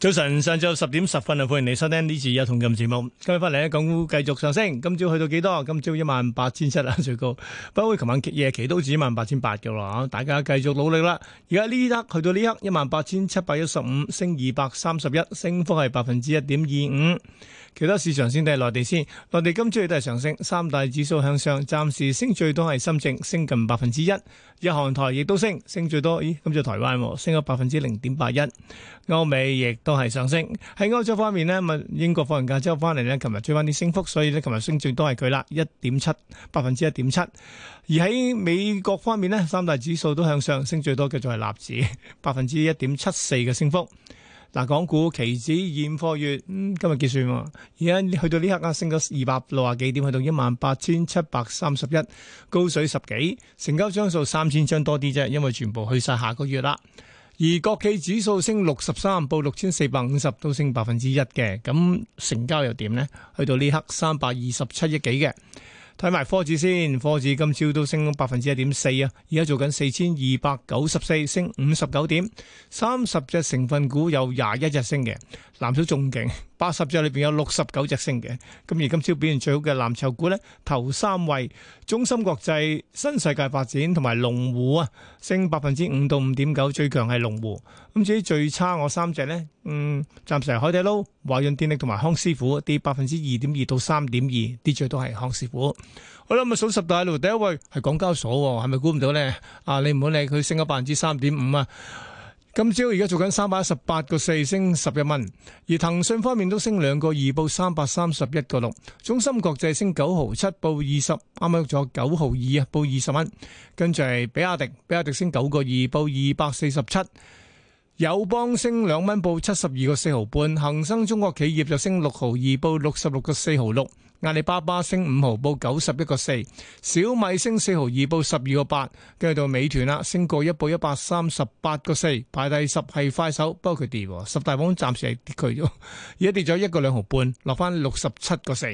早晨，上晝十點十分啊，歡迎你收聽呢次一同進節目。今日翻嚟咧，港股繼續上升，今朝去到幾多？今朝一萬八千七啊，最高。不過琴晚夜期都止一萬八千八噶啦吓，大家繼續努力啦。而家呢一刻去到呢一刻一萬八千七百一十五，升二百三十一，升幅係百分之一點二五。其他市場先睇下內地先，內地今朝亦都係上升，三大指數向上，暫時升最多係深證，升近百分之一。日韓台亦都升，升最多咦？今朝台灣升咗百分之零點八一，歐美亦都。都係上升。喺歐洲方面呢，咁英國放完假之後翻嚟呢，琴日追翻啲升幅，所以呢，琴日升最多係佢啦，一點七百分之一點七。而喺美國方面呢，三大指數都向上，升最多嘅就係納指，百分之一點七四嘅升幅。嗱，港股期指現貨月，嗯，今日結算喎，而家去到呢刻啊，升咗二百六十幾點，去到一萬八千七百三十一，高水十幾，成交張數三千張多啲啫，因為全部去晒下個月啦。而國企指數升六十三，報六千四百五十，都升百分之一嘅。咁成交又點呢？去到呢刻三百二十七億幾嘅。睇埋科指先，科指今朝都升百分之一點四啊！而家做緊四千二百九十四，升五十九點。三十隻成分股有廿一日升嘅，藍籌仲勁。八十隻裏邊有六十九隻升嘅，咁而今朝表現最好嘅藍籌股呢，頭三位：中芯國際、新世界發展同埋龍湖啊，升百分之五到五點九，最強係龍湖。咁至於最差我三隻呢，嗯，暫時係海底撈、華潤電力同埋康師傅，跌百分之二點二到三點二，跌最多係康師傅。2. 2師傅好啦，咁啊數十大咯，第一位係港交所喎，哦，係咪估唔到呢？啊，你唔好理佢升咗百分之三點五啊！今朝而家做緊三百一十八個四，升十一蚊，而騰訊方面都升兩個二，報三百三十一個六，中芯國際升九毫七，報二十，啱啱咗九毫二啊，報二十蚊，跟住係比亞迪，比亞迪升九個二，報二百四十七，友邦升兩蚊，報七十二個四毫半，恒生中國企業就升六毫二，報六十六個四毫六。阿里巴巴升五毫，報九十一個四；小米升四毫二，報十二個八。跟住到美團啦，升過一，報一百三十八個四。排第十係快手，不過佢跌，十大榜暫時係跌佢咗，而家跌咗一個兩毫半，落翻六十七個四。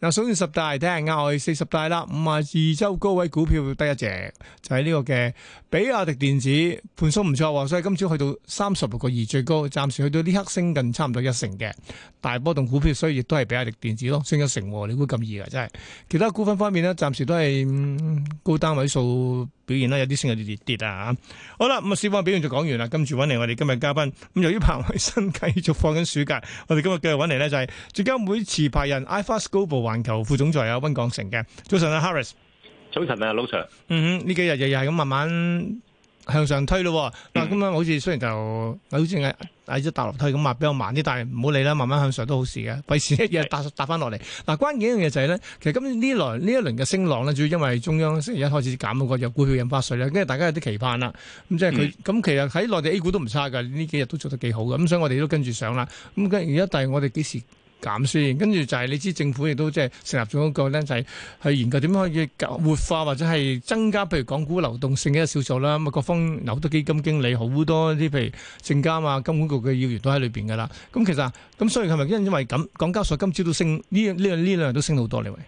嗱，數完十大，睇下額外四十大啦，五十二周高位股票得一隻，就喺、是、呢個嘅比亞迪電子，盤數唔錯喎，所以今朝去到三十六個二最高，暫時去到呢刻升近差唔多一成嘅大波動股票，所以亦都係比亞迪電子咯，升一成。你估咁易嘅，真係。其他股份方面呢，暫時都係、嗯、高單位數表現啦，有啲升，有啲跌跌啊。好啦，咁啊，市況表現就講完啦。跟住揾嚟我哋今日嘉賓。咁由於彭偉新繼續放緊暑假，我哋今，今日繼續揾嚟呢就係證監會持牌人 iFAST Global 環球副總裁啊溫鋼城嘅。早晨啊，Harris。早晨啊，老 Sir。嗯哼，呢幾日日日係咁慢慢。向上推咯，嗱咁樣，好似雖然就，嗯、好似係喺隻大樓梯咁啊，比較慢啲，但係唔好理啦，慢慢向上都好事嘅，費事一日搭搭翻落嚟。嗱，是關鍵一樣嘢就係、是、咧，其實咁呢輪呢一輪嘅升浪咧，主要因為中央星期一開始減嗰個入股票印花稅咧，跟住大家有啲期盼啦。咁即係佢，咁、嗯、其實喺內地 A 股都唔差㗎，呢幾日都做得幾好㗎，咁所以我哋都跟住上啦。咁跟而家但係我哋幾時？減先，跟住就係你知政府亦都即係成立咗一個咧，就係去研究點樣可以活化或者係增加譬如港股流動性嘅一個少數啦。咁啊，各方有好多基金經理，好多啲譬如證監啊、金管局嘅要員都喺裏邊噶啦。咁、嗯、其實咁所以係咪因因為咁，港交所今朝都升呢呢呢兩日都升好多咧？你為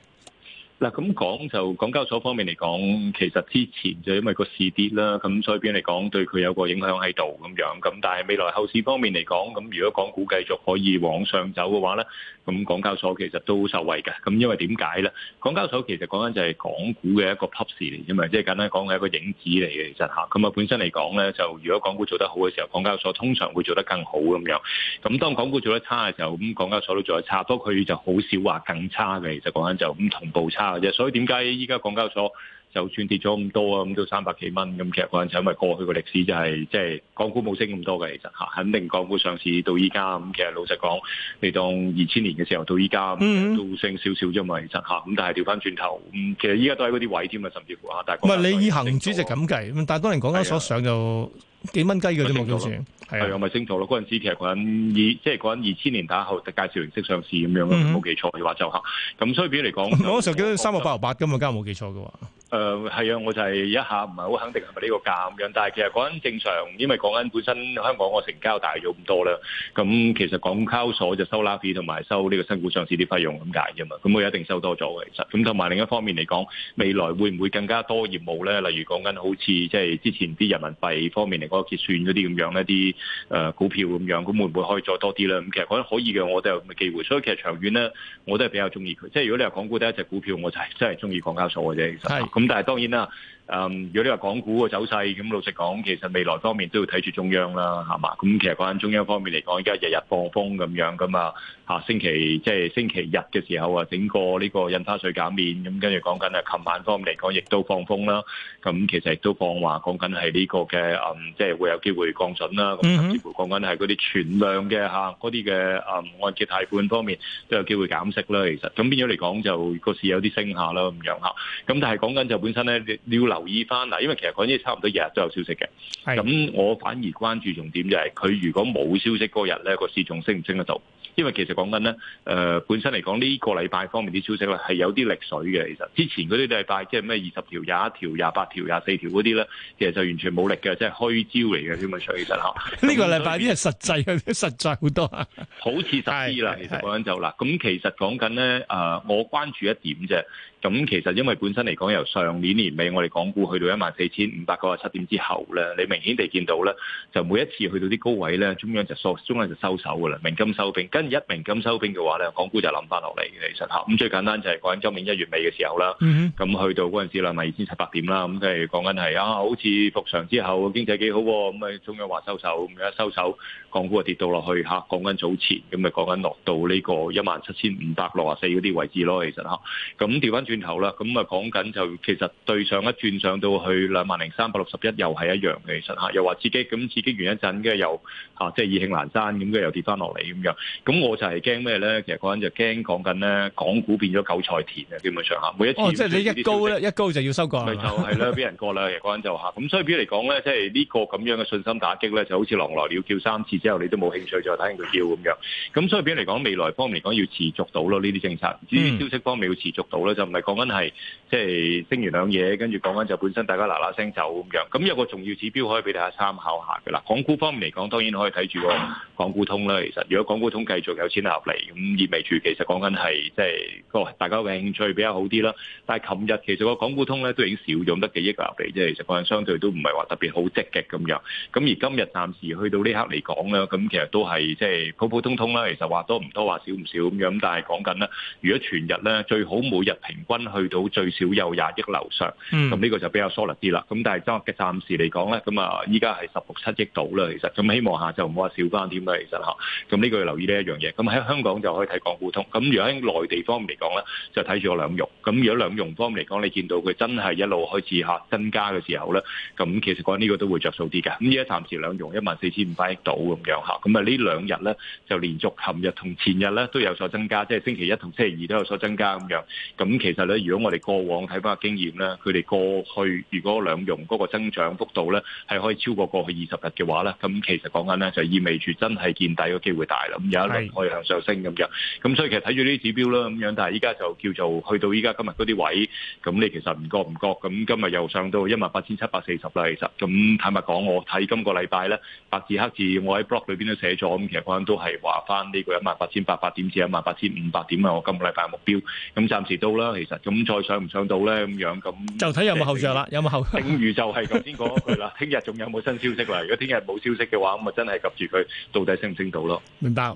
嗱咁講就，港交所方面嚟講，其實之前就因為個市跌啦，咁所以變嚟講對佢有個影響喺度咁樣。咁但係未來後市方面嚟講，咁如果港股繼續可以往上走嘅話呢。咁港交所其實都受惠㗎，咁因為點解呢？港交所其實講緊就係港股嘅一個提示嚟啫嘛，即係簡單講係一個影子嚟嘅，其實吓，咁啊，本身嚟講呢，就如果港股做得好嘅時候，港交所通常會做得更好咁樣。咁當港股做得差嘅時候，咁港交所都做得差，不過佢就好少話更差嘅。其實講緊就咁同步差嘅啫。所以點解依家港交所就算跌咗咁多啊，咁都三百幾蚊咁其實嗰陣就因為過去嘅歷史就係即係港股冇升咁多嘅，其實嚇肯定港股上市到依家咁其實老實講，你當二千年嘅時候到依家都升少少啫嘛，其實吓，咁但係調翻轉頭，其實依家都喺嗰啲位添啊，甚至乎嚇大唔係你以恆指咁計，但係嗰陣講緊所上就幾蚊雞嘅啫嘛，就算係啊，我咪清楚咯，嗰陣時其實嗰陣以即係嗰陣二千年打後介紹形式上市咁樣咯，冇、嗯嗯嗯嗯、記錯嘅話就嚇咁相比嚟講， 我嗰時候記得三百八十八嘅嘛，假如冇記錯嘅話。誒係啊，我就係一下唔係好肯定係咪呢個價咁樣，但係其實講緊正常，因為講緊本身香港個成交大咗咁多啦，咁其實港交所就收拉皮同埋收呢個新股上市啲費用咁解啫嘛，咁我一定收多咗嘅其實，咁同埋另一方面嚟講，未來會唔會更加多業務咧？例如講緊好似即係之前啲人民幣方面嚟講結算嗰啲咁樣一啲誒股票咁樣，咁會唔會可以再多啲咧？咁其實講緊可以嘅，我都有咁嘅機會，所以其實長遠咧，我都係比較中意佢。即係如果你話港股得一隻股票，我就係、是、真係中意港交所嘅啫。係。咁但係當然啦。 誒，如果你話港股嘅走勢，咁老實講，其實未來方面都要睇住中央啦，係嘛？咁其實講緊中央方面嚟講，而家日日放風咁樣咁啊，下星期即係星期日嘅時候啊，整個呢個印花稅減免，咁跟住講緊啊，琴晚方面嚟講，亦都放風啦。咁其實亦都放話講緊係呢個嘅誒，即係會有機會降準啦。咁甚至乎講緊係嗰啲存量嘅嚇，嗰啲嘅誒按揭貸款方面都有機會減息啦。其實咁變咗嚟講，就個市有啲升下啦咁樣嚇。咁但係講緊就本身咧，流流留意翻嗱，因為其實講啲差唔多日日都有消息嘅，咁我反而關注重點就係佢如果冇消息嗰日咧，個市仲升唔升得到？ 因為其實講緊咧，誒、呃、本身嚟講呢個禮拜方面啲消息咧係有啲力水嘅。其實之前嗰啲禮拜，即係咩二十條、廿一條、廿八條、廿四條嗰啲咧，其實就完全冇力嘅，即係虛招嚟嘅，咁樣上其實嚇。呢個禮拜啲係實際嘅，實在好多，好似實啲啦。其實講緊就啦，咁其實講緊咧，誒我關注一點啫。咁其實因為本身嚟講，由上年年尾我哋港股去到一萬四千五百九十七點之後咧，你明顯地見到咧，就每一次去到啲高位咧，中央就收中央就收手㗎啦，明金收兵跟一名金收兵嘅話咧，港股就諗翻落嚟嘅。其實嚇。咁最簡單就係講緊今年一月尾嘅時候啦，咁、mm hmm. 去到嗰陣時兩萬二千七百點啦。咁即係講緊係啊，好似復常之後經濟幾好，咁啊中央話收手，咁而家收手，港股啊跌到落去嚇。講緊早前咁咪講緊落到呢個一萬七千五百六啊四嗰啲位置咯，其實嚇。咁調翻轉頭啦，咁啊講緊就其實對上一轉上到去兩萬零三百六十一，又係一樣嘅其實嚇。又話刺激，咁刺激完一陣跟住又啊，即係意興闌珊，咁跟住又跌翻落嚟咁樣。咁我就係驚咩咧？其實嗰陣就驚講緊咧，港股變咗韭菜田啊！基本上嚇，每一次哦，即係你一高咧，一高就要收割。咪就係咯，俾人割啦！其實嗰陣就嚇，咁所以表嚟講咧，即係呢個咁樣嘅信心打擊咧，就好似狼來了叫三次之後，你都冇興趣再睇佢叫咁樣。咁所以表嚟講，未來方面嚟講要持續到咯呢啲政策，至於消息方面要持續到咧，就唔係講緊係即係升完兩嘢，跟住講緊就本身大家嗱嗱聲走咁樣。咁有個重要指標可以俾大家參考下㗎啦。港股方面嚟講，當然可以睇住個港股通啦。其實如果港股通計。做有錢入嚟，咁意味住其實講緊係即係個大家嘅興趣比較好啲啦。但係琴日其實個港股通咧都已經少用得幾億入嚟即係，其實個人相對都唔係話特別好積極咁樣。咁而今日暫時去到呢刻嚟講咧，咁其實都係即係普普通通啦。其實話多唔多話少唔少咁樣。咁但係講緊咧，如果全日咧最好每日平均去到最少有廿億流上，咁呢、嗯、個就比較 solid 啲啦。咁但係今日嘅暫時嚟講咧，咁啊依家係十六七億度啦。其實咁希望下晝唔好話少翻添啦。其實吓，咁呢個要留意呢樣嘢，咁喺香港就可以睇港股通，咁如果喺內地方嚟講咧，就睇住個兩融。咁如果兩融方面嚟講，你見到佢真係一路開始嚇增加嘅時候咧，咁其實講緊呢個都會著數啲嘅。咁而家暫時兩融一萬四千五百億到咁樣嚇，咁啊呢兩日咧就連續琴日同前日咧都有所增加，即係星期一同星期二都有所增加咁樣。咁其實咧，如果我哋過往睇翻個經驗咧，佢哋過去如果兩融嗰個增長幅度咧係可以超過過去二十日嘅話咧，咁其實講緊咧就意味住真係見底個機會大啦。咁有一。可以向上升咁樣，咁所以其實睇住呢啲指標啦咁樣，但係依家就叫做去到依家今日嗰啲位，咁你其實唔覺唔覺咁，今日又上到一萬八千七百四十啦，其實咁坦白講，我睇今個禮拜咧白字黑字我，我喺 blog 裏邊都寫咗，咁其實我都係話翻呢個一萬八千八百點至一萬八千五百點啊，我今個禮拜嘅目標，咁暫時到啦，其實咁再上唔上到咧咁樣咁就睇有冇後著啦，有冇後。正如就係頭先講嗰句啦，聽日仲有冇新消息啦？如果聽日冇消息嘅話，咁啊真係及住佢到底升唔升到咯？明白。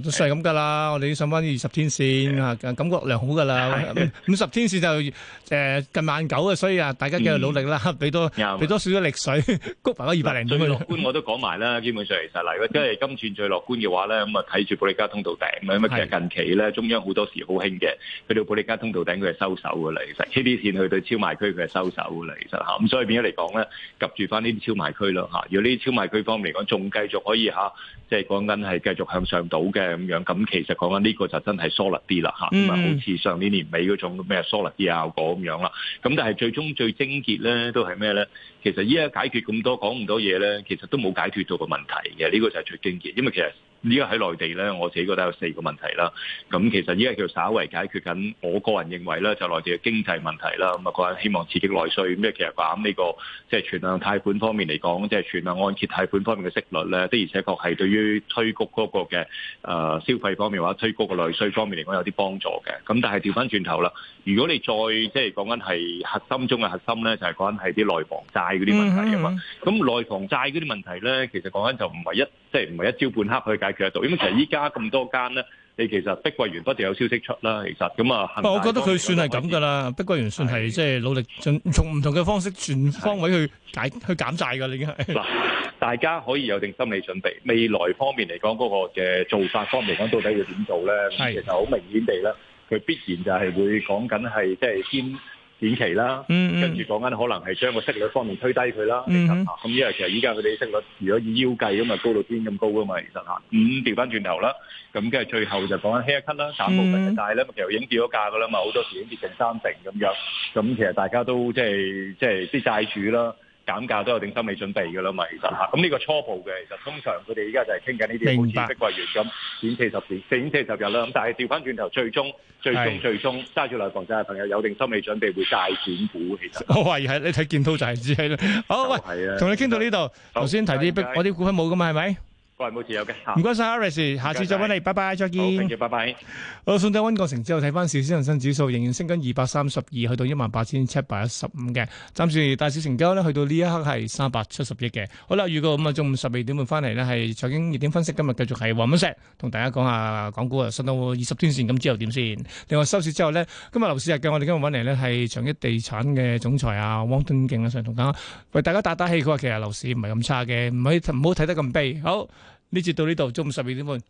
都係咁噶啦，我哋要上翻二十天線，嚇感覺良好噶啦。五十天線就誒近萬九啊，所以啊，大家繼續努力啦，俾多俾多少少力水，谷埋個二百零。最樂觀我都講埋啦，基本上其實嗱，如果真係今次最樂觀嘅話咧，咁啊睇住保歷加通道頂，咁啊其實近期咧中央好多時好興嘅，去到保歷加通道頂佢係收手㗎啦，其實呢啲線去到超賣區佢係收手㗎啦，其實嚇。咁所以變咗嚟講咧，及住翻呢啲超賣區咯嚇。如果呢啲超賣區方面嚟講，仲繼續可以嚇，即係講緊係繼續向上走。嘅咁樣，咁、嗯、其實講緊呢個就真係疏忽啲啦嚇，咁啊、嗯、好似上年年尾嗰種咩疏忽啲效果咁樣啦，咁但係最終最症結咧都係咩咧？其實依家解決咁多講咁多嘢咧，其實都冇解決到個問題嘅，呢、這個就係最症結，因為其實。在在內呢個喺內地咧，我自己覺得有四個問題啦。咁、嗯、其實依家叫稍為解決緊，我個人認為咧，就內地嘅經濟問題啦。咁啊，個人希望刺激內需，咩其實話呢、這個即係存量貸款方面嚟講，即係存量按揭貸款方面嘅息率咧，的而且確係對於推谷嗰個嘅誒、呃、消費方面或者推谷個內需方面嚟講有啲幫助嘅。咁但係調翻轉頭啦，如果你再即係講緊係核心中嘅核心咧，就係講緊係啲內房債嗰啲問題啊嘛。咁內、嗯嗯、房債嗰啲問題咧，其實講緊就唔係一即係唔係一朝半刻去以解。其實到，因為其實依家咁多間咧，你其實碧桂園不斷有消息出啦，其實咁啊。我覺得佢算係咁噶啦，碧桂園算係即係努力從唔同嘅方式全方位去解去減債噶，已經係。嗱， 大家可以有定心理準備，未來方面嚟講嗰個嘅做法方面嚟講到底要點做咧？係。其實好明顯地咧，佢必然就係會講緊係即係先。展期啦，跟住講緊可能係將個息率方面推低佢啦，咁因為其實依家佢哋息率如果以腰計咁啊高到天咁高噶嘛，其實嚇唔調返轉頭啦，咁跟住最後就講緊 haircut 啦，減部分嘅債咧，其實已經跌咗價噶啦嘛，好多時已經跌成三成咁樣，咁其實大家都即係即係啲債主啦。減價都有定心理準備嘅啦嘛，其實嚇，咁呢個初步嘅，其實通常佢哋依家就係傾緊呢啲好似碧桂園咁，展期十天、四展四十日啦。咁但係調翻轉頭，最終、最終、最終，揸住樓房仔嘅朋友有定心理準備會帶轉股，其實。我懷疑係你睇建滔就係知啦。好、啊，喂，同你傾到呢度，頭先是提啲，的我啲股份冇㗎嘛，係咪？我係冇持有嘅，唔該晒，Arise，下次再揾你，拜拜，再見。好，再見，拜拜。好，送走溫鋼城之後，睇翻市先，恆生指數仍然升緊二百三十二，去到一萬八千七百一十五嘅。暫時大市成交咧，去到呢一刻係三百七十億嘅。好啦，預告咁啊，中午十二點半翻嚟咧，係財經熱點分析，今日繼續係黃敏石同大家講下港股啊，升到二十天線咁之後點先。另外收市之後咧，今日樓市日嘅，我哋今日揾嚟咧係祥益地產嘅總裁啊，汪敦敬啊，上同大家為大家打打氣。佢話其實樓市唔係咁差嘅，唔可以唔好睇得咁悲。好。呢節到呢度，中午十二點半。